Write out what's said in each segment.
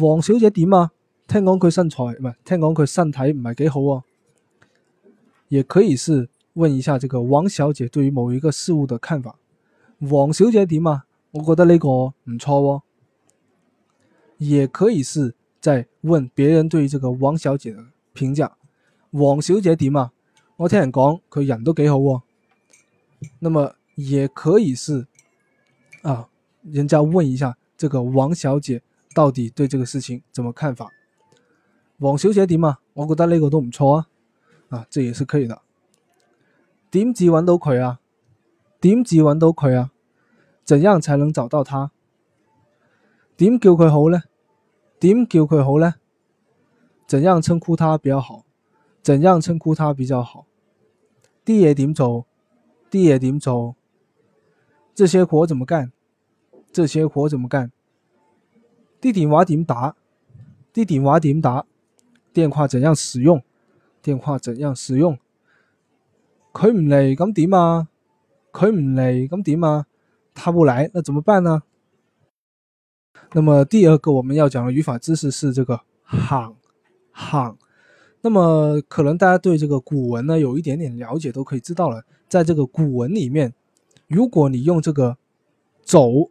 王小姐點啊？聽講佢身材唔係，聽講佢身體唔係幾好哦。也可以是問一下這個王小姐對於某一個事物的看法。王小姐點啊？我覺得呢個唔錯哦。也可以是在問別人對於這個王小姐的評價。王小姐點啊？我聽人講佢人都幾好哦。那麼也可以是啊，人家問一下這個王小姐。到底對這個事情怎麼看法？王小姐點啊？我覺得呢個都唔錯啊！啊，這也是可以的。點至揾到佢啊？點至揾到佢啊？怎樣才能找到他？點叫佢好呢？點叫佢好呢？怎樣稱呼他比較好？怎樣稱呼他比較好？啲嘢點做？啲嘢點做？這些活怎麼幹？這些活怎麼幹？啲電話點打？啲電話點打？電話怎樣使用？電話怎樣使用？佢唔嚟咁點啊？佢唔嚟咁點啊？他不來那怎麼辦呢？那麼第二個我們要講的語法知識是這個“行行”。那麼可能大家對這個古文呢有一點點了解，都可以知道了。在這個古文裏面，如果你用這個“走”。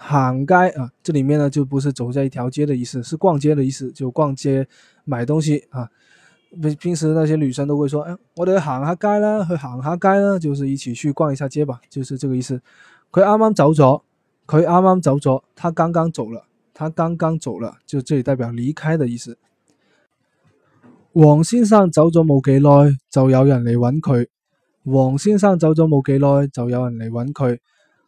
行街啊，這裏面呢就不是走在一條街的意思，是逛街的意思，就逛街買東西啊。平時那些女生都會說，誒、哎，我哋行下街啦，去行下街啦，就是一起去逛一下街吧，就是這個意思。佢啱啱走咗，佢啱啱走咗，他剛剛走了，他剛剛走了，就這裏代表離開的意思。黃先生走咗冇幾耐，就有人嚟揾佢。黃先生走咗冇幾耐，就有人嚟揾佢。